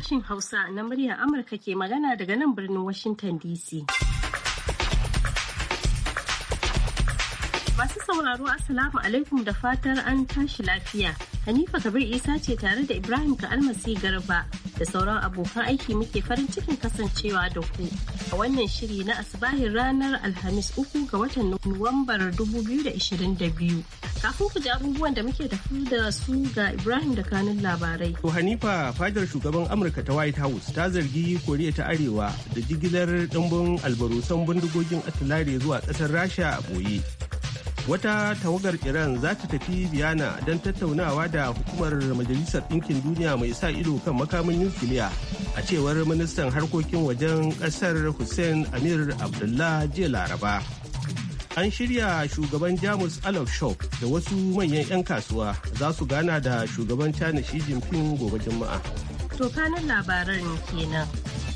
sashen Hausa na murya Amurka ke magana daga nan birnin Washington DC. Masu sauraro Assalamu alaikum da fatar an tashi lafiya. Hanifa Kabir Isa ce tare da Ibrahim Ka'almasi Garba da sauran abokan aiki muke farin cikin kasancewa da ku. a wannan shiri na asibahin ranar Alhamis uku ga watan Nuwambar 2022. Kafin ku ji abubuwan da muke tafi da su ga Ibrahim da kanun labarai. To Hanifa fadar shugaban Amurka ta White House ta zargi Koriya ta Arewa da jigilar ɗumbin albarusan bindigogin atilare zuwa ƙasar Rasha a boye wata tawagar iran za ta tafi biyana don tattaunawa da hukumar majalisar ɗinkin duniya mai sa ido kan makamin nukiliya a cewar ministan harkokin wajen ƙasar hussein amir abdullah jiya laraba an shirya shugaban jamus alof shop da wasu manyan 'yan kasuwa za su gana da shugaban china shi jinping gobe juma'a to labaran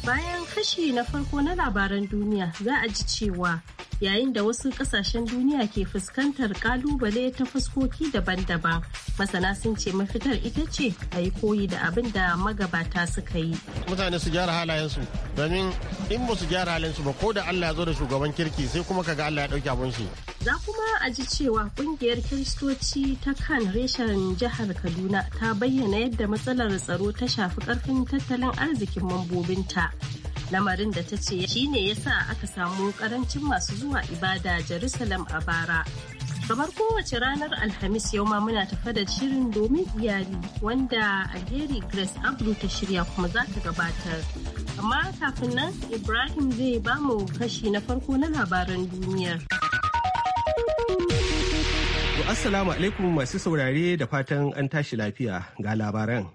bayan kashi na farko na labaran duniya za a ji cewa yayin da wasu kasashen duniya ke fuskantar kalubale ta fuskoki daban-daban masana sun ce mafitar ita ce a yi koyi da abin da magabata suka yi mutane su gyara halayensu domin in ba su gyara halayensu ba ko da allah ya zo da shugaban kirki sai kuma kaga allah ya dauki abun shi za kuma a ji cewa kungiyar kiristoci ta kan reshen jihar kaduna ta bayyana yadda matsalar tsaro ta shafi karfin tattalin arzikin mambobinta lamarin da ta ce shi ne ya sa aka samu karancin masu zuwa ibada Jerusalem a bara. Kamar kowace ranar Alhamis yau ma muna tafa da shirin domin iyali wanda Alheri Grace Abdu ta shirya kuma za ta gabatar. Amma kafin nan Ibrahim zai ba mu kashi na farko na labaran duniyar. Assalamu alaikum masu saurare da fatan an tashi lafiya ga labaran.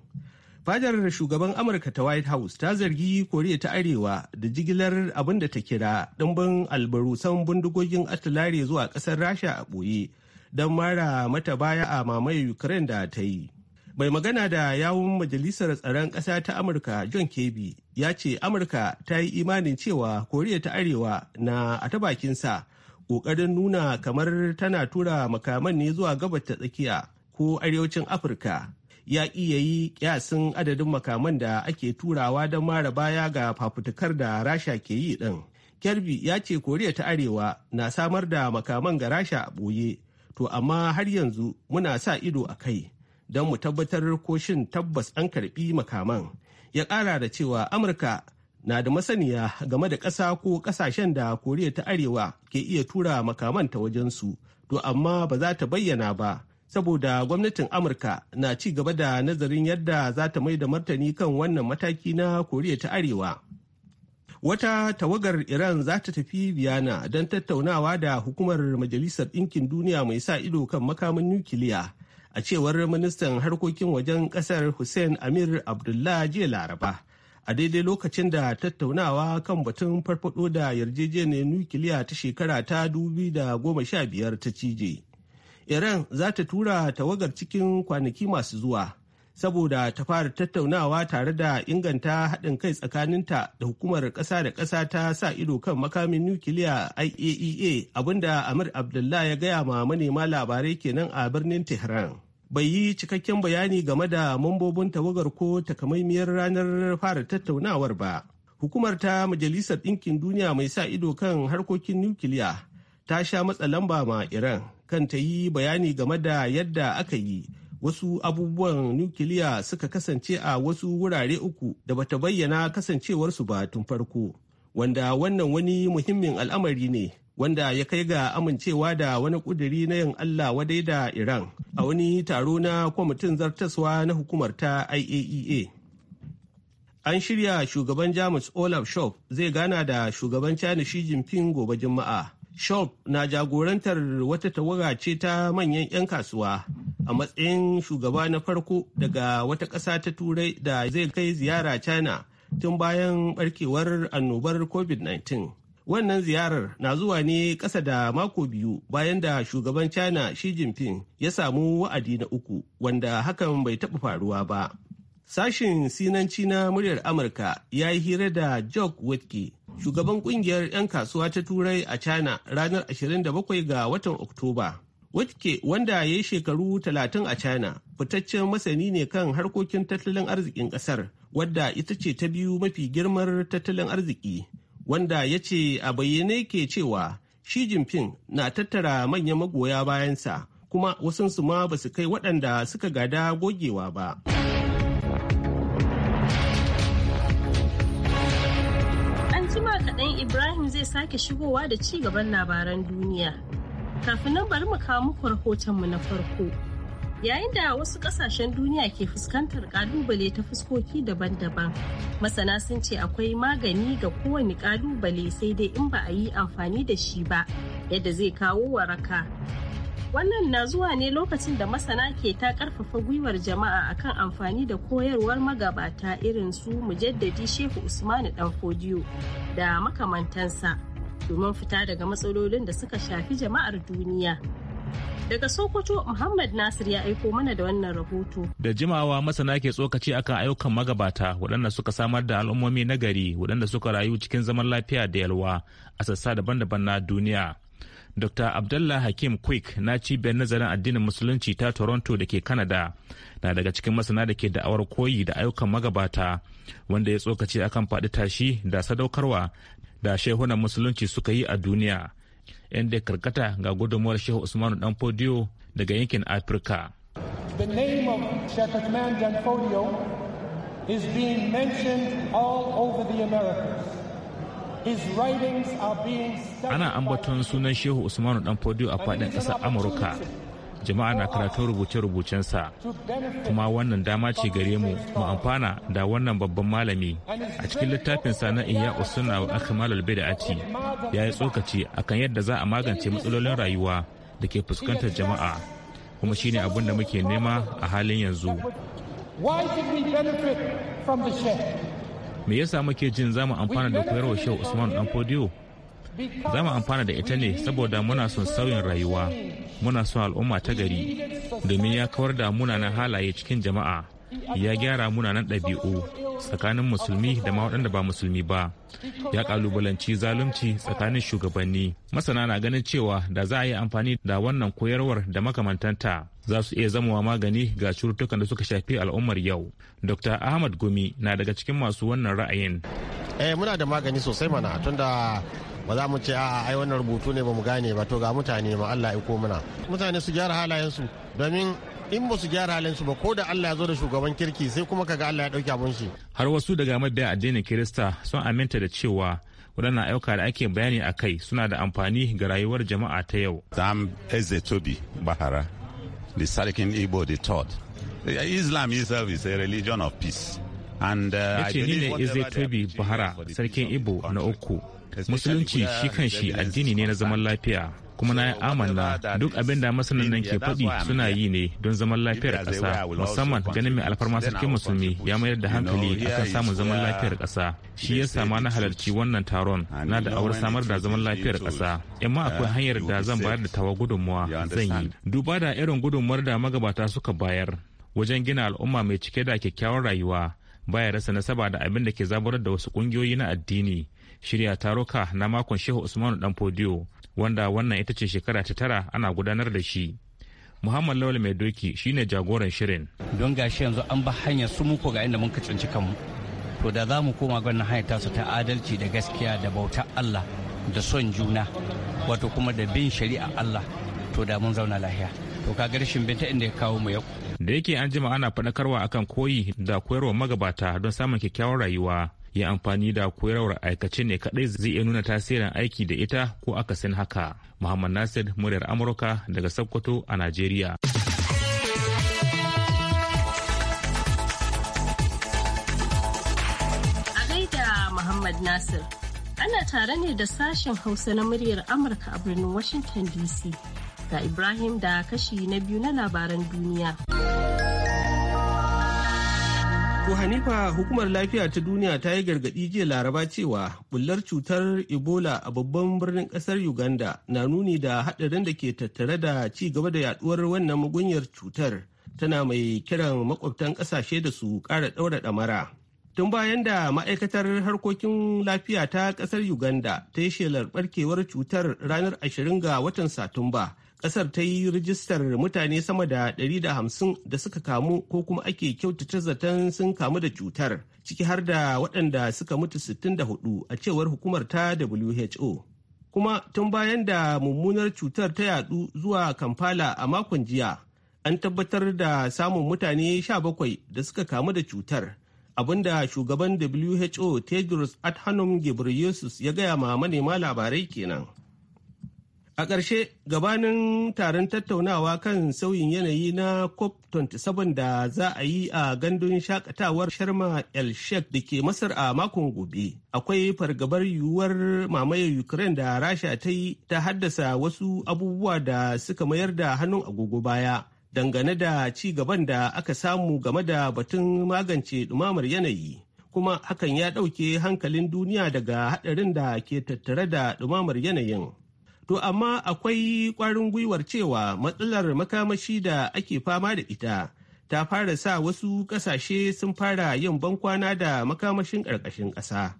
fadar shugaban amurka ta white house ta zargi koriya ta arewa da jigilar abin da ta kira ɗimbin albarusan bindigogin atilare zuwa ƙasar rasha a ɓoye don mara mata baya a mamaye ukraine da ta yi mai magana da yawun majalisar tsaron ƙasa ta amurka john kebi ya ce amurka ta yi imanin cewa koriya ta arewa na a ta bakinsa ƙoƙarin nuna kamar tana tura makaman ne zuwa gabata tsakiya ko arewacin afirka ya iya yi kyasin adadin makaman da ake turawa don mara baya ga fafutukar da rasha ke yi ɗin kirby ya ce koriya ta arewa na samar da makaman ga rasha a ɓoye to amma har yanzu muna sa ido a kai don mu tabbatar ko shin tabbas an karbi makaman ya ƙara da cewa amurka na da masaniya game da ƙasa ko ƙasashen da koriya ta arewa ke iya tura makaman ta wajensu to amma ba za ta bayyana ba saboda gwamnatin amurka na ci gaba da nazarin yadda za ta mai da martani kan wannan mataki na koriya ta arewa wata tawagar iran za ta tafi biyana don tattaunawa da hukumar majalisar ɗinkin duniya mai sa ido kan makamin nukiliya a cewar ministan harkokin wajen ƙasar hussein amir abdullah jiya laraba a daidai lokacin da tattaunawa kan batun farfado da yarjejeniyar nukiliya ta shekara ta 2015 ta cije Iran za ta tura tawagar cikin kwanaki masu zuwa saboda ta fara tattaunawa tare da inganta haɗin kai tsakaninta da hukumar ƙasa da ƙasa ta sa ido kan makamin nukiliya IAEA abinda Amir Abdullah ya gaya ma manema labarai kenan a birnin Tehran. bai yi cikakken bayani game da mambobin tawagar ko takamaimiyar ranar fara tattaunawar ba. Hukumar ta Majalisar Ɗinkin Duniya mai sa ido kan harkokin nukiliya ta sha matsa lamba ma Iran kan ta yi bayani game da yadda aka yi wasu abubuwan nukiliya suka kasance a wasu wurare uku da bata bayyana kasancewarsu ba tun farko wanda wannan wani muhimmin al'amari ne wanda ya kai ga amincewa da wani kuduri na yin Allah wadai da Iran a wani taro na kwamitin zartaswa na hukumar ta IAEA. E An shirya shugaban Jamus Olaf Scholz zai gana da shugaban China Xi Jinping gobe Juma'a. Shop na jagorantar wata tawaga ce ta manyan 'yan kasuwa a matsayin shugaba na farko daga wata ƙasa ta turai da zai kai ziyara China tun bayan barkewar annobar COVID-19. Wannan ziyarar na zuwa ne ƙasa da mako biyu bayan da shugaban China Xi Jinping ya samu wa'adi na uku wanda hakan bai taɓa faruwa ba. Sashen Sinanci na muryar Amurka ya yi hira da Jock Witke, shugaban kungiyar 'yan kasuwa ta Turai a China ranar 27 ga watan Oktoba. Witke wanda ya yi shekaru 30 a China, fitaccen masani ne kan harkokin tattalin arzikin ƙasar, wadda ita ce ta biyu mafi girmar tattalin arziki, wanda ya ce a bayyane ke cewa Xi Jinping na tattara manyan magoya bayansa, kuma wasansu ma ba su kai waɗanda suka gada gogewa ba. zai sake shigowa da ci gaban labaran duniya. Kafin nan bari mu kawo muku rahotonmu na farko. Yayin da wasu kasashen duniya ke fuskantar kalubale ta fuskoki daban-daban, masana sun ce akwai magani ga kowane kalubale sai dai in ba a yi amfani da shi ba, yadda zai kawo waraka. Wannan na zuwa ne lokacin da masana ke ta karfafa gwiwar jama'a akan amfani da koyarwar magabata irin su mujaddadi Shehu Usmanu Danfodiyo da makamantansa domin fita daga matsalolin da suka shafi jama'ar duniya. Daga Sokoto, Muhammad Nasir ya aiko mana da wannan rahoto. Da jimawa masana ke tsokaci akan ayyukan magabata waɗanda suka samar da al'ummomi na gari waɗanda suka rayu cikin zaman lafiya da yalwa a sassa daban-daban na duniya. Dr. Abdullah Hakim Quick na cibiyar nazarin addinin musulunci ta Toronto da ke Canada na daga cikin masana da ke da'awar koyi da ayyukan magabata wanda ya tsokaci akan faɗi tashi da sadaukarwa da shehunan musulunci suka yi a duniya. Yan da karkata ga gudunmuwar Shehu Usmanu Danfodiyo daga yankin Afirka. The name of Sheikh Usman Danfodiyo is being mentioned all Ana ambaton sunan Shehu Usmanu Danfodiyo a fadin ƙasar Amurka. Jama'a na karatun rubuce-rubucensa, kuma wannan dama ce gare mu mu amfana da wannan babban malami a cikin littafin sa na iya usuna wa a ci ya yi tsokaci akan yadda za a magance matsalolin rayuwa da ke fuskantar jama'a kuma shine abin da muke nema a halin yanzu. Why benefit me yasa muke jin za mu amfana da koyarwa shehu usman dan fodiyo za mu amfana da ita ne saboda muna son sauyin rayuwa muna son al'umma ta gari domin ya kawar da munanan halaye cikin jama'a ya gyara munanan ɗabi'u tsakanin musulmi da ma waɗanda ba musulmi ba ya kalubalanci zalunci tsakanin shugabanni masana na ganin cewa da za a yi amfani da wannan koyarwar da makamantanta za su iya zamowa magani ga cututtukan da suka shafi al'ummar yau dr ahmad gumi na daga cikin masu wannan ra'ayin eh, muna da magani sosai mana tunda ba za mu ce a'a ai wannan rubutu ne ba mu gane ba to ga mutane ma Allah ya mana. muna mutane su gyara halayensu domin in ba su gyara halin su ba ko da Allah ya zo da shugaban kirki sai kuma kaga Allah ya dauke abun shi har wasu daga mabiya addinin Kirista sun aminta da cewa waɗannan ayyuka da ake bayani a kai suna da amfani ga rayuwar jama'a ta yau Sam Eze Tobi Bahara the Sarkin Igbo the third Islam itself is a religion of peace and uh, I believe ne Eze Tobi Bahara Sarkin Igbo na uku musulunci shi kan shi addini ne na zaman lafiya kuma na amanna duk abin da masanan ke faɗi suna yi ne don zaman lafiyar ƙasa musamman ganin mai alfarma sarkin musulmi ya mayar da hankali akan samun zaman lafiyar ƙasa shi ya sama na halarci wannan taron na da awar samar da zaman lafiyar ƙasa amma akwai hanyar da zan bayar da tawa gudunmuwa zan yi duba da irin gudunmuwar da magabata suka bayar wajen gina al'umma mai cike da kyakkyawar rayuwa baya rasa nasaba da abin da ke zaburar da wasu ƙungiyoyi na addini shirya taruka na makon shehu usmanu dan fodiyo wanda wannan ita ce shekara ta tara ana gudanar da shi muhammad lawal mai doki shine jagoran shirin don gashi yanzu an ba hanyar su muku ga inda mun kacanci kanmu to da za mu koma gwanin hanyar tasu ta adalci da gaskiya da bautar allah da son juna wato kuma da bin shari'a allah to da mun zauna lahiya to ka rashin binta inda ya kawo mu yau da yake an jima ana faɗakarwa akan koyi da koyarwa magabata don samun kyakkyawar rayuwa yi amfani da koyarwar aikace ne kadai zai iya nuna tasirin aiki da ita ko akasin haka muhammad nasir muryar amurka daga sokoto a najeriya Muhammad Nasir. Ana tare ne da sashen Hausa na muryar Amurka a birnin Washington DC. Ga Ibrahim da kashi na biyu na labaran duniya. Abu Hanifa hukumar lafiya ta duniya ta yi gargaɗi jiya laraba cewa bullar cutar Ebola a babban birnin ƙasar Uganda na nuni da haɗarin da ke tattare da ci gaba da yaduwar wannan mugunyar cutar tana mai kiran makwabtan ƙasashe da su ƙara ɗaura ɗamara. Tun bayan da ma'aikatar harkokin lafiya ta ƙasar Uganda ta yi shelar ɓarkewar cutar ranar 20 ga watan Satumba. Kasar ta yi rijistar mutane sama da 150 da suka kamu ko kuma ake kyautata zaton sun kamu da cutar, ciki har da waɗanda suka mutu 64 a cewar hukumar ta WHO. Kuma tun bayan da mummunar cutar ta yadu zuwa Kampala a makon jiya, an tabbatar da samun mutane 17 da suka kamu da cutar. abinda shugaban WHO Tedros Adhanom Ghebreyesus ya gaya ma manema labarai kenan. A ƙarshe gabanin taron tattaunawa kan sauyin yanayi na COP27 da za a yi a gandun shakatawar Sharma El Sheikh da ke Masar a makon gobe. Akwai fargabar yiwuwar mamayar Ukraine da Rasha ta yi ta haddasa wasu abubuwa da suka mayar da hannun agogo baya dangane da ci gaban da aka samu game da batun magance dumamar yanayi. Kuma hakan ya ɗauke hankalin duniya daga haɗarin da ke tattare da dumamar yanayin. To amma akwai ƙwarin gwiwar cewa matsalar makamashi da ake fama da ita ta fara sa wasu ƙasashe sun fara yin bankwana da makamashin ƙarƙashin ƙasa.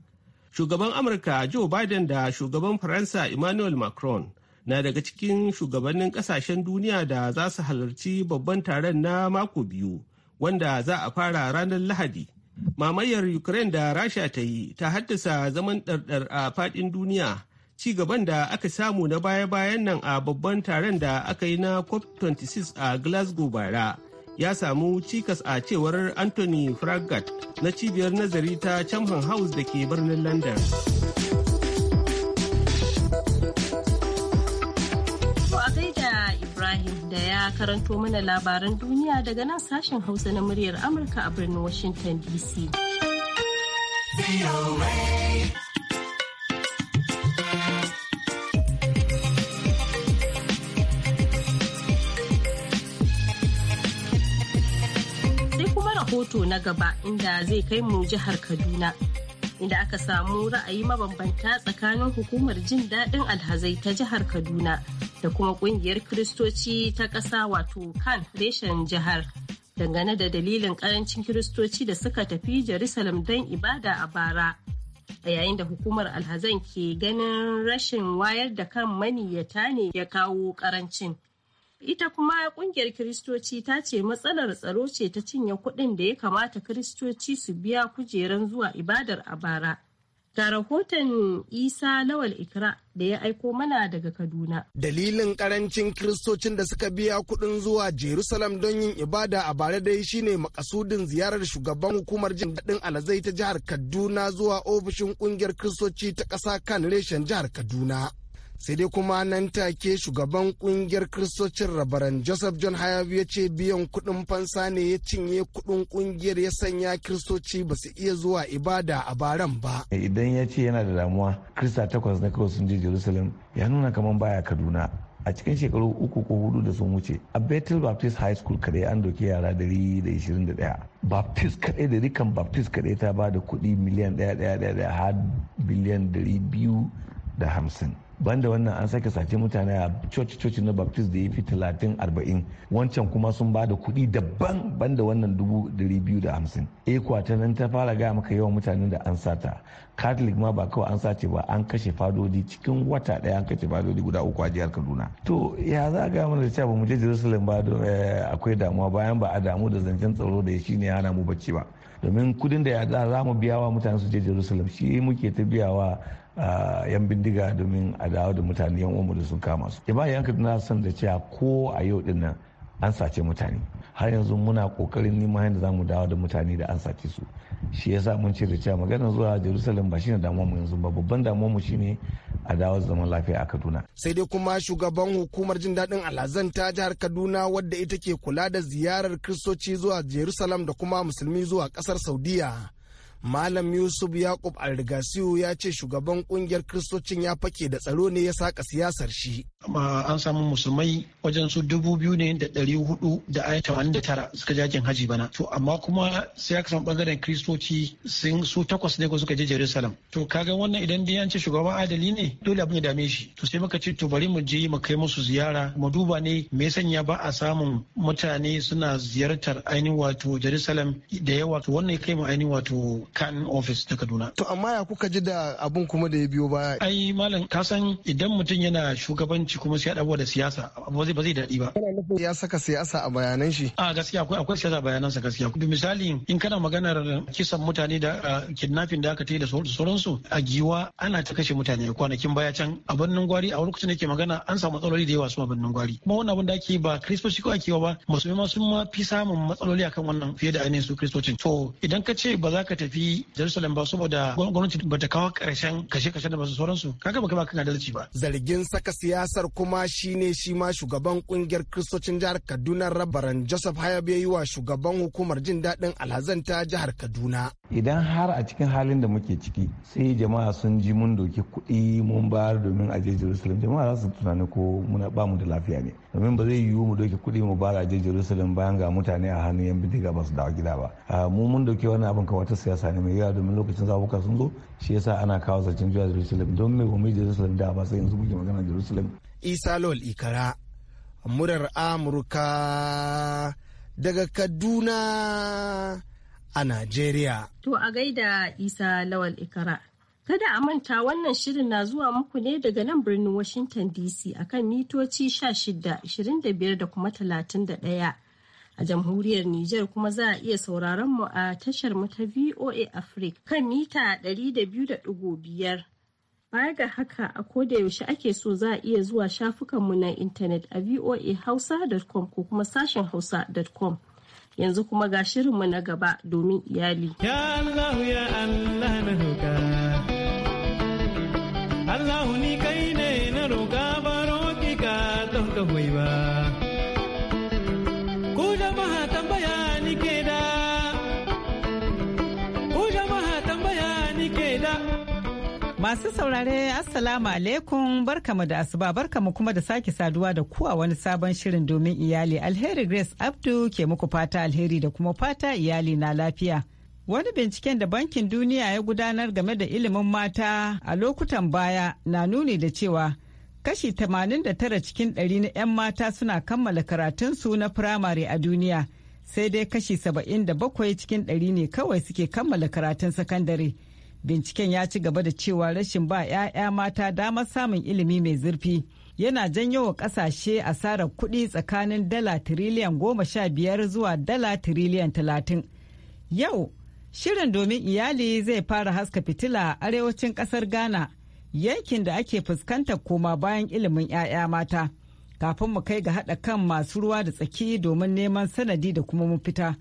Shugaban Amurka Joe Biden da shugaban Faransa Emmanuel Macron na daga cikin shugabannin ƙasashen duniya da za su halarci babban taron na mako biyu wanda za a fara ranar Lahadi. Mamayar Ukraine da Rasha ta yi ta haddasa zaman ɗarɗar a faɗin duniya. ci gaban da aka samu na baya-bayan nan a babban taron da aka yi na cop26 a glasgow bara ya samu cikas a cewar anthony fragat na cibiyar nazari ta chamber house da ke birnin london Ibrahim da ya karanto mana labaran duniya daga nan sashen Hausa na muryar Amurka a birnin Washington DC. rahoto na gaba inda zai kai mu jihar Kaduna. Inda aka samu ra'ayi mabambanta tsakanin hukumar jin daɗin alhazai ta jihar Kaduna da kuma ƙungiyar Kiristoci ta ƙasa wato kan reshen jihar. Dangane da dalilin ƙarancin Kiristoci da suka tafi Jerusalem don ibada a bara. A yayin da hukumar alhazan ke ganin rashin wayar da kan maniyyata ne ya kawo ƙarancin. Ita kuma kungiyar Kiristoci ta ce matsalar tsaro ce ta cinye kuɗin da ya kamata Kiristoci su biya kujeran zuwa ibadar a bara. Ga rahoton Isa Lawal Ikra da ya aiko mana daga Kaduna. Dalilin karancin kiristocin da suka biya kuɗin zuwa Jerusalem don yin ibada a bare dai shine makasudin ziyarar shugaban hukumar jin daɗin alazai ta jihar Kaduna zuwa ofishin ƙungiyar kiristoci ta ƙasa kan reshen jihar Kaduna. sai dai kuma nan take shugaban kungiyar kristocin rabaran joseph john hayabu ya ce biyan kudin fansa ne ya cinye kudin kungiyar ya sanya kristoci ba su iya zuwa ibada a baran ba idan ya ce yana da damuwa krista takwas na kawai sun je jerusalem ya nuna kamar baya kaduna a cikin shekaru uku ko hudu da sun wuce a bethel baptist high school kadai an doki yara da da ishirin daya. baptist kadai da rikan baptist kadai ta ba da kudi miliyan daya har biliyan hamsin. banda wannan an sake sace mutane a coci coci na baptist da ya fi talatin arba'in wancan kuma sun ba da kuɗi daban banda wannan dubu dari biyu da hamsin ekwa ta nan ta fara gaya maka yawan mutanen da an sata catholic ma ba kawai an sace ba an kashe fadodi cikin wata ɗaya an kashe fadodi guda uku a jihar kaduna to ya za a gaya mana da cewa mu je jerusalem ba eh, akwai damuwa bayan ba a damu da zancen tsaro da shi ne ya hana mu bacci ba domin kudin da ya za mu biya wa mutane su je jerusalem shi muke ta biyawa yan bindiga domin a dawo da mutane yan uwanmu da sun kama su ba yan kaduna san da cewa ko a yau din nan an sace mutane har yanzu muna kokarin neman yadda za mu dawo da mutane da an sace su shi yasa mun ce da cewa magana zuwa jerusalem ba shine damuwa mu yanzu ba babban damuwa mu ne a dawo zaman lafiya a kaduna sai dai kuma shugaban hukumar jin daɗin alhazan ta jihar kaduna wadda ita ke kula da ziyarar kristoci zuwa jerusalem da kuma musulmi zuwa ƙasar saudiya Malam Yusuf Yakub Alrigasiyu ya ce shugaban kungiyar Kiristocin ya fake da tsaro ne ya saka siyasar shi. An samu musulmai wajen su dubu biyu ne da ɗari hudu da aya tamanin da tara suka jajin haji bana. To amma kuma sai aka samu bangaren Kiristoci sun su takwas ne ko suka je Jerusalem. To kaga wannan idan dai an ce shugaban adali ne dole abin ya dame shi. To sai muka ce to bari mu je mu kai musu ziyara mu duba ne me sanya ba a samun mutane suna ziyartar ainihin wato Jerusalem da yawa to wannan ya kai mu ainihin wato kan ofis ta kaduna to amma ya kuka ji da abun kuma da ya biyo baya ai malam ka san idan mutum yana shugabanci kuma sai abubuwa da siyasa ba zai ba zai daɗi ba ya saka siyasa a bayanan shi a gaskiya akwai akwai siyasa bayanan sa gaskiya misali in kana maganar kisan mutane da kidnapping da aka ta da sauransu a giwa ana ta kashe mutane kwanakin baya can a birnin gwari a lokacin da magana an samu matsaloli da yawa su a birnin gwari kuma wannan abin da ake ba kristoci ko ake ba musulmi ma sun ma fi samun matsaloli akan wannan fiye da ainihin su kristocin to idan ka ce ba za ka tafi tafi Jerusalem ba saboda gwamnati ta kawo karshen kashe-kashe da masu sauransu kaga baka ba kan adalci ba zargin saka siyasar kuma shine shi ma shugaban kungiyar kristocin jihar Kaduna rabaran Joseph Hayab ya yi wa shugaban hukumar jin daɗin alhazan ta jihar Kaduna idan har a cikin halin da muke ciki sai jama'a sun ji mun doki kuɗi mun bayar domin a je Jerusalem jama'a za su tunani ko muna ba mu da lafiya ne domin ba zai yiwu mu doki kuɗi mu bayar a je Jerusalem bayan ga mutane a hannun yan bidiga ba su dawo gida ba ah, mu mun doki wannan abin kamar ta siyasa mutane mai yawa domin lokacin zabuka sun zo shi yasa ana kawo zancen zuwa jerusalem don mai umar jerusalem da ba sai yanzu muke magana jerusalem isa lol ikara murar amurka daga kaduna a nigeria. to a gaida isa lawal ikara Kada a manta wannan shirin na zuwa muku ne daga nan birnin Washington DC akan mitoci 16, 25 da kuma 31. a jamhuriyar Nijar kuma za a iya sauraron mu a tashar mu ta VOA Africa kan mita 200.5. Baya ga haka a koda yaushe ake so za a iya zuwa shafukan mu na intanet a voahausa.com ko kuma sashen hausa.com. Yanzu kuma ga shirin mu na gaba domin iyali. Ya Allah ya Allah na roƙa. Allah ni kai ne na roƙa baro ki ka Masu saurare Assalamu alaikum barkamu da asuba barkamu kuma da sake saduwa da kuwa wani sabon shirin domin iyali alheri Grace Abdu ke muku fata alheri da kuma fata iyali na lafiya. Wani binciken da Bankin Duniya ya gudanar game da ilimin mata a lokutan baya na nuni da cewa kashi 89 cikin 100 na 'yan mata suna kammala karatunsu na firamare a duniya sai dai kashi 77 cikin 100 ne kawai suke kammala karatun sakandare. binciken ya ci gaba da cewa rashin ba 'ya'ya mata damar samun ilimi mai zurfi yana janyo wa kasashe asarar kuɗi tsakanin dala tiriliyan goma sha biyar zuwa dala tiriliyan talatin yau shirin domin iyali zai fara haska fitila a arewacin ƙasar ghana yankin da ake fuskantar koma bayan ilimin 'ya'ya mata kafin mu kai ga haɗa kan masu ruwa da tsaki domin neman sanadi da kuma mafita. fita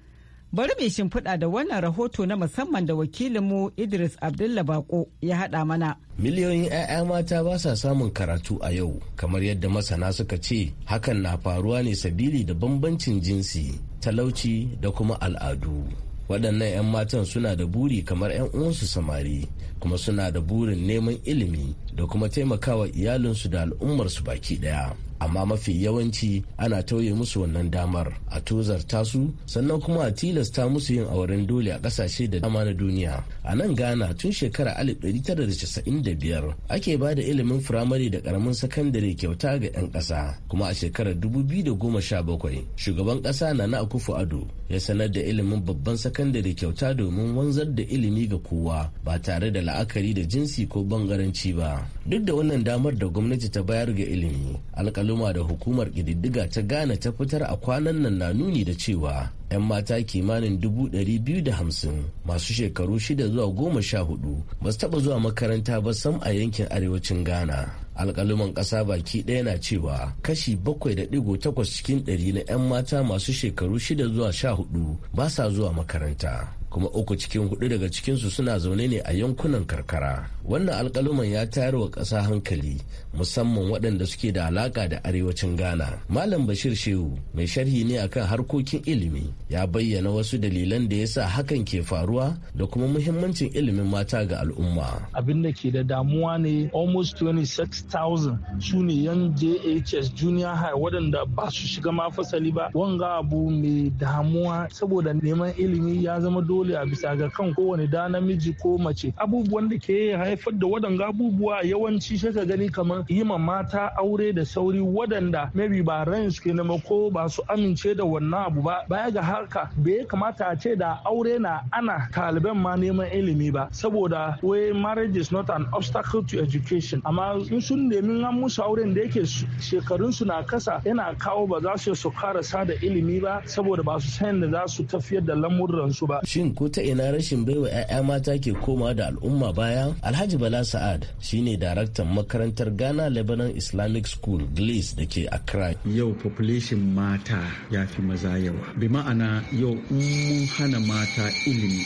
Bari mai shimfiɗa da wannan rahoto na musamman da wakilinmu Idris Abdullah Bako ya haɗa mana. Miliyoyin 'ya'ya mata ba sa samun karatu a yau, kamar yadda masana suka ce hakan na faruwa ne sabili da bambancin jinsi, talauci da kuma al'adu. waɗannan 'yan matan suna da buri kamar 'yan uwansu samari kuma suna da burin neman ilimi da kuma taimakawa iyalinsu da al'ummarsu baki ɗaya amma mafi yawanci ana tauye musu wannan damar a tozarta su sannan kuma a tilasta musu yin auren dole a ƙasashe da dama na duniya a nan ghana tun shekarar 1995 ake ba da ilimin firamare da karamin sakandare kyauta ga 'yan ƙasa kuma a shekarar 2017 shugaban ƙasa na na akufu ado ya sanar da ilimin babban sakandare kyauta domin wanzar da ilimi ga kowa ba tare da la'akari da jinsi ko bangaranci ba duk da wannan damar da gwamnati ta bayar ga ilimi alkaluma da hukumar ƙididdiga ta ghana ta fitar a kwanan nan na nuni da cewa 'yan mata kimanin dubu ɗari biyu da hamsin masu shekaru shida zuwa goma sha hudu ba su taɓa zuwa makaranta ba sam a yankin arewacin ghana alkaluman ƙasa baki ɗaya na cewa kashi bakwai da ɗigo takwas cikin ɗari na 'yan mata masu shekaru shida zuwa sha hudu ba sa zuwa makaranta kuma uku cikin hudu daga cikinsu suna zaune ne a yankunan karkara wannan alkaluman ya tayar wa ƙasa hankali musamman waɗanda suke da alaƙa da arewacin ghana malam bashir shehu mai sharhi ne akan harkokin ilimi ya bayyana wasu dalilan da yasa hakan ke faruwa da kuma muhimmancin ilimin mata ga al'umma abin da ke da damuwa ne almost 26,000 su ne yan jhs junior high waɗanda ba su shiga ma fasali ba wanga abu mai damuwa saboda neman ilimi ya zama dole dole a bisa ga kan kowane da namiji ko mace abubuwan da ke haifar da waɗanga abubuwa yawanci shi ka gani kamar yi ma mata aure da sauri waɗanda maybe ba ran su ke nema ko ba su amince da wannan abu ba baya ga haka bai kamata a ce da aure na ana taliban ma neman ilimi ba saboda wai marriage is not an obstacle to education amma in sun nemi an musu auren da yake shekarun su na kasa yana kawo ba za su su karasa da ilimi ba saboda ba su san da za su tafiyar da lamuran ba shin ko ta ina rashin baiwa 'ya'ya mata ke koma da al'umma baya alhaji bala sa'ad shine daraktan makarantar ghana lebanon islamic school glace da ke accra yau population mata ya fi maza yawa bi ma'ana yau in mun hana mata ilimi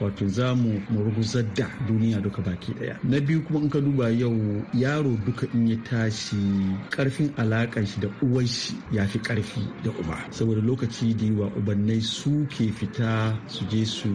wato za mu murguzar da duniya duka baki daya na biyu kuma in ka duba yau yaro duka in ya tashi karfin alakan shi da uwan shi ya fi karfi da uba saboda lokaci da yiwa ubannai su ke fita su je su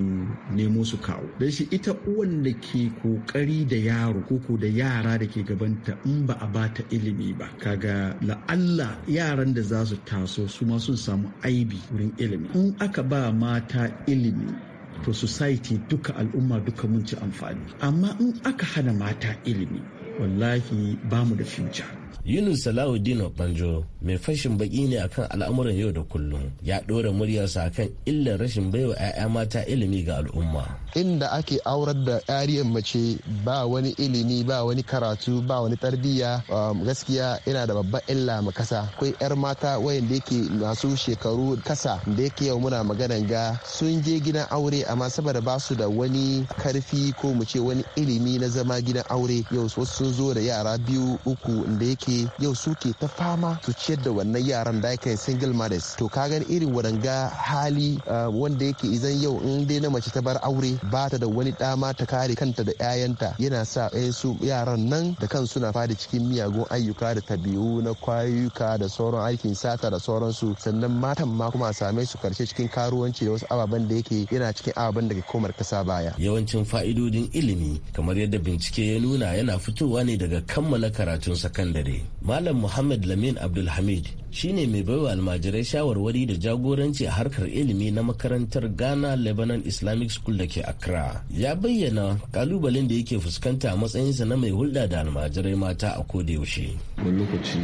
nemo su kawo don shi ita uwan da ke kokari da yaro koko da yara da ke gabanta in ba a ba ta ilimi ba kaga la'alla yaran da za su taso su ma sun samu aibi wurin ilimi in aka ba mata ilimi to society duka al'umma duka mun ci amfani amma in aka hana mata ilimi wallahi ba mu da future Yunus Salahuddin Banjo mai fashin baki ne akan al'amuran yau da kullum ya ɗora muryarsa akan illar rashin baiwa 'ya'ya mata ilimi ga al'umma. Inda ake aurar da yariyar mace ba wani ilimi ba wani karatu ba wani tarbiyya um, gaskiya ina da babban illa ma kasa. Akwai 'yar mata wayanda yake masu shekaru kasa da yake yau muna maganan ga sun je gidan aure amma saboda ba su da wani karfi ko mu ce wani ilimi na zama gidan aure yau wasu sun zo da yara biyu uku da yake yau suke ta fama su ciyar da wannan yaran da aka single mothers to ka irin wadanga hali uh, wanda yake idan yau in dai na mace ta bar aure ba ta da wani dama ta kare kanta da 'ya'yanta yana sa su yaran nan da kan suna fada cikin miyagun ayyuka da tabi'u na kwayuka da sauran aikin sata da sauransu sannan matan ma kuma same su karshe cikin karuwanci da wasu ababen da yake yana cikin ababen da ke komar kasa baya yawancin fa'idodin ilimi kamar yadda bincike ya nuna yana fitowa ne daga kammala karatun sakandare dare malam muhammad lamin abdulhamid shine mai baiwa almajirai shawarwari da jagoranci a harkar ilimi na makarantar ghana lebanon islamic school da ke accra ya bayyana kalubalen da yake fuskanta a matsayinsa na mai hulɗa da almajirai mata a ko da yaushe. wani lokaci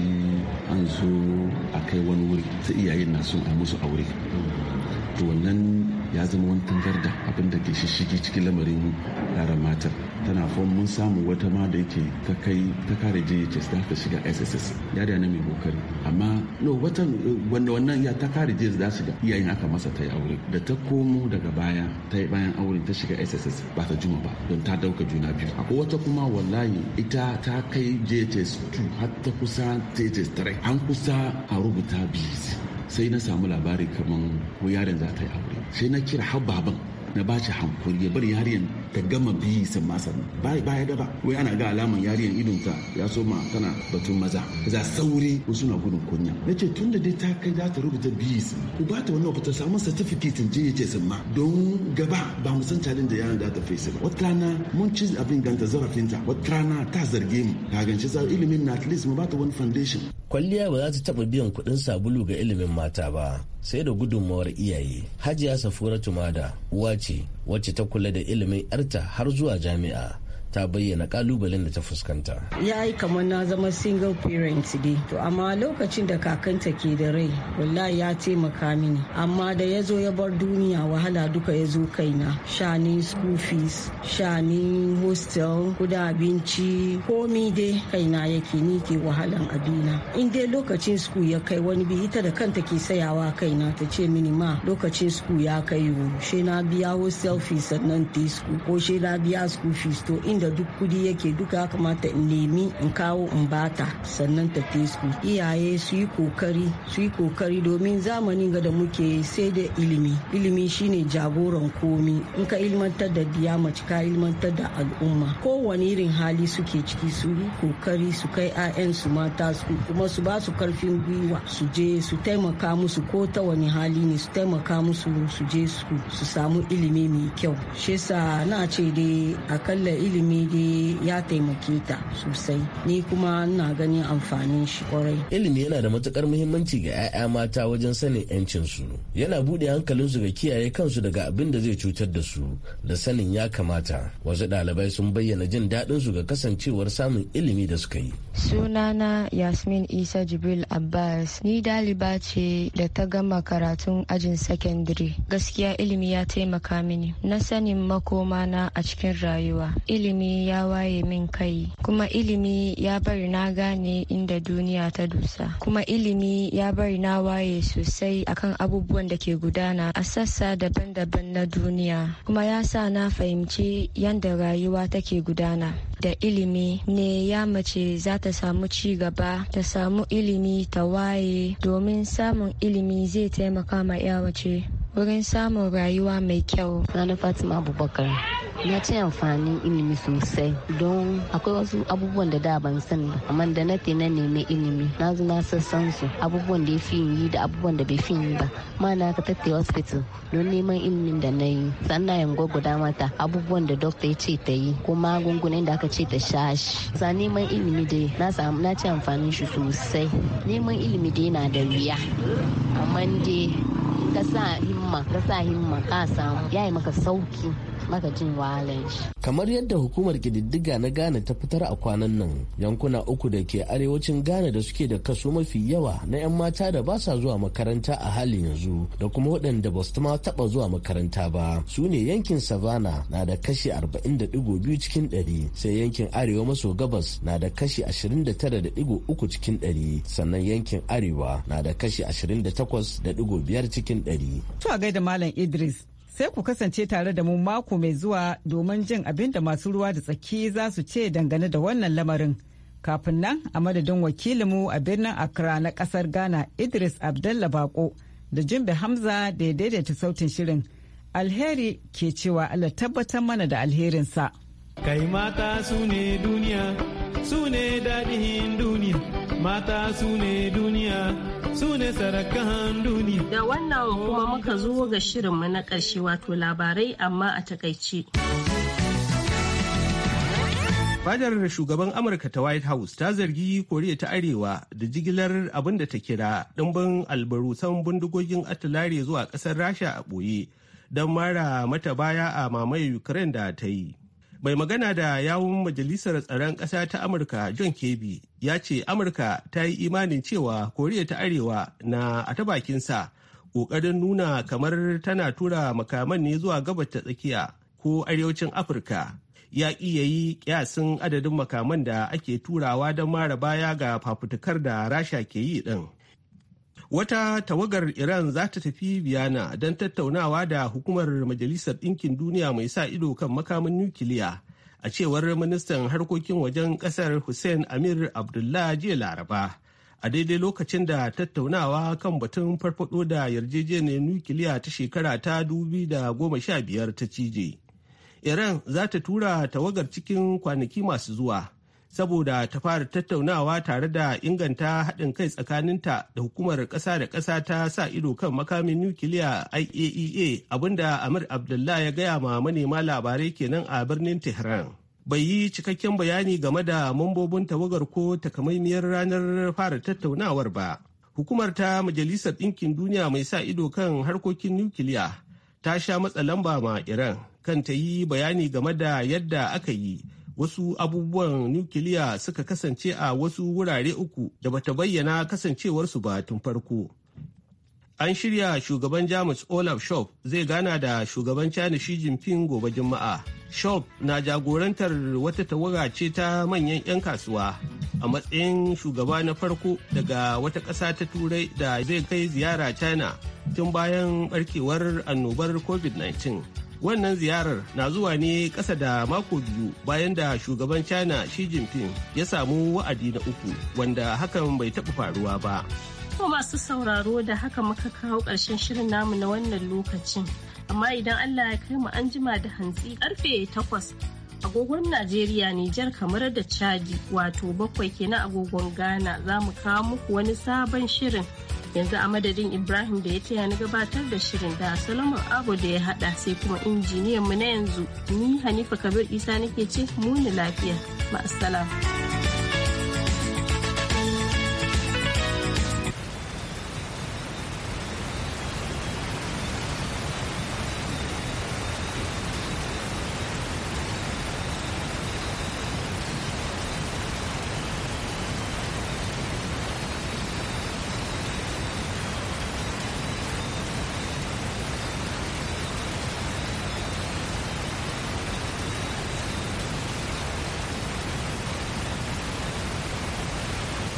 an zo a kai wani wuri ta iyayen na son a musu aure to wannan ya zama wani da abin da ke shishigi cikin lamarin yaran matar tana fom mun samu wata ma da yake ta kai ta kare jhs da ta shiga sss ya ne mai kokari amma no watan wanda wannan ya ta kare jhs da shiga iyayen aka masa ta yi aure da ta komo daga baya ta yi bayan aure ta shiga sss ba ta juma ba don ta dauka juna biyu akwai wata kuma wallahi ita ta kai jhs 2 har ta kusa jhs 3 an kusa a rubuta biyu sai na samu labari kaman ko yaren za ta yi aure sai na kira habbaban na ba shi hankuri ya bar yaren ta gama biyi sun masa ba da daba wai ana ga alaman yariyan idonta ya so ma tana batun maza za sauri wasu na gudun kunya na ce tun da dai ta kai za ta rubuta biyu sun ku ba ta wani abu samun satifikatin certificate ce sun ma don gaba ba mu san calin da yaran da ta fesa ba wata rana mun ci abin ganta zarafinta wata rana ta zarge mu ta ganci sa ilimin na at least mu ba ta wani foundation kwalliya ba za ta taba biyan kuɗin sabulu ga ilimin mata ba sai da gudunmawar iyaye hajiya safura tumada uwa ce wacce ta kula da ilimin 'yarta har zuwa jami'a ta bayyana kalubalen da ta fuskanta. Ya yi kamar na zama single parent dai. To amma lokacin da kakanta ke da rai, wallahi ya taimaka mini. Amma da ya zo ya bar duniya wahala duka ya zo kaina. Shanin school fees, shanin hostel, kuda abinci, komi dai kaina yake ni ke wahalan abina. In dai lokacin school ya kai wani bi ita da kanta ke sayawa kaina ta ce mini ma lokacin school ya kai yo. She na biya hostel fees sannan ta school ko she na biya school fees to inda da duk kudi yake duka kamata in nemi in kawo in bata sannan ta su iyaye su yi kokari su yi kokari domin zamanin ga da muke sai da ilimi ilimi shine jagoran komi in ka ilmantar da diya mace ka ilmantar da al'umma ko kowane irin hali suke ciki su yi kokari su kai ayan su mata su kuma su ba su karfin gwiwa su je su taimaka musu ko ta wani hali ne su taimaka musu su je su samu ilimi mai kyau shi na ce dai akalla ilimi komai dai ya taimake ta sosai ni kuma ina ganin amfanin shi kwarai ilimi yana da matukar muhimmanci ga 'ya'ya mata wajen sanin 'yancin su yana bude hankalin su ga kiyaye kansu daga abin da zai cutar da su da sanin ya kamata wasu ɗalibai sun bayyana jin daɗin su ga kasancewar samun ilimi da suka yi sunana yasmin isa jibril abbas ni daliba ce da ta gama karatun ajin sakandare gaskiya ilimi ya taimaka mini na sanin makoma na a cikin rayuwa ilimi ilimi ya waye min kai kuma ilimi ya bari na gane inda duniya ta dusa kuma ilimi ya bari na waye sosai akan abubuwan da ke gudana a sassa daban-daban na duniya kuma ya sa na fahimci yadda rayuwa take gudana da ilimi ne ya mace za ta samu ci gaba ta samu ilimi ta waye domin samun ilimi zai taimaka ma ya mace wurin samun rayuwa mai kyau. Sani Fatima Abubakar. na ci amfani ilimi sosai don akwai wasu abubuwan da da ban sani amma da na na nemi ilimi na zo na sassan su abubuwan da ya fi yi da abubuwan da bai fi yi ba ma na ka tattai hospital don neman ilimin da na yi sannan ya gwagwada mata abubuwan da doctor ya ce ta yi ko magungunan da aka ce ta sha shi sa neman ilimi dai na samu na ci amfani shi sosai neman ilimi dai na da wuya amma dai ka sa himma ka sa himma ka samu ya yi maka sauki maka jin wahalar shi. Kamar yadda hukumar kididdiga na Ghana ta fitar a kwanan nan yankuna uku da ke arewacin Ghana da suke da kaso mafi yawa na 'yan mata da ba sa zuwa makaranta a halin yanzu da kuma waɗanda ba su ma taɓa zuwa makaranta ba su ne yankin Savannah na da kashi 40.2 cikin 100 sai yankin arewa maso gabas na da kashi 29.3 cikin 100 sannan yankin arewa na da kashi 28.5 cikin 100. To a gaida Malam Idris sai ku kasance tare da mu mako mai zuwa domin jin abin da masu ruwa da tsaki za su ce dangane da wannan lamarin. Kafin nan a madadin wakilinmu a birnin Accra na kasar Ghana Idris Abdallah Bako da Jimbe Hamza da ya daidaita sautin shirin. Alheri ke cewa Allah tabbatar mana da alherinsa. Kai mata su ne duniya, su ne daɗin duniya, mata su ne duniya. su ne sarakan duniya. Da wannan kuma muka zo ga shirinmu na ƙarshe wato labarai amma a takaice. Fadar shugaban Amurka ta White House ta zargi Koriya ta Arewa da jigilar abin da ta kira ɗimbin albarusan bindigogin atlare zuwa ƙasar Rasha a ɓoye don mara mata baya a mamaye Ukraine da ta yi. mai magana da yawun majalisar tsaron ƙasa ta amurka john kebi ya ce amurka ta yi imanin cewa koriya ta arewa na a ta bakinsa ƙoƙarin nuna kamar tana tura makaman ne zuwa gabas ta tsakiya ko arewacin afirka ya iya yi kyasin adadin makaman da ake turawa don mara baya ga fafutukar da rasha ke yi din Wata tawagar Iran za ta tafi Biyana don tattaunawa da hukumar Majalisar Ɗinkin Duniya mai sa ido kan makamin nukiliya, a cewar ministan harkokin wajen ƙasar Hussein Amir Abdullah jiya Laraba. A daidai lokacin da tattaunawa kan batun farfado da yarjejeniyar nukiliya ta shekara ta goma sha biyar ta cije. Iran za ta tura tawagar cikin kwanaki masu zuwa. saboda ta fara tattaunawa tare da inganta haɗin kai tsakaninta da hukumar ƙasa da ƙasa ta sa ido kan makamin nukiliya IAEA abinda Amir Abdullah ya gaya ma manema labarai kenan a birnin Tehran. Bai yi cikakken bayani game da mambobin tawagar ko takamaimiyar ranar fara tattaunawar ba. Hukumar ta Majalisar Ɗinkin Duniya mai sa ido kan harkokin nukiliya ta sha matsa lamba ma Iran kan ta yi bayani game da yadda aka yi. wasu abubuwan nukiliya suka kasance a wasu wurare uku da bata bayyana kasancewarsu ba tun farko. An shirya shugaban Jamus Olaf Shop zai gana da shugaban China Xi Jinping gobe Juma'a. Shop na jagorantar wata tawaga ce ta manyan 'yan kasuwa a matsayin shugaba na farko daga wata ƙasa ta turai da zai kai ziyara China tun bayan barkewar annobar COVID-19. Wannan ziyarar na zuwa ne ƙasa da mako biyu bayan da shugaban China Xi Jinping ya samu wa'adi na uku wanda hakan bai taɓa faruwa ba. Kuma masu sauraro da haka muka kawo ƙarshen shirin namu na wannan lokacin. Amma idan Allah ya kai mu an jima da hantsi karfe takwas agogon Najeriya Nijar kamar da Chadi wato bakwai kenan agogon Ghana za mu kawo muku wani sabon shirin. yanzu a madadin ibrahim da ya taya ni gabatar da shirin da salomon abu da ya hada sai kuma injiniyan mu na yanzu ni hanifa kabir isa nake ce muni lafiya ma'asalam.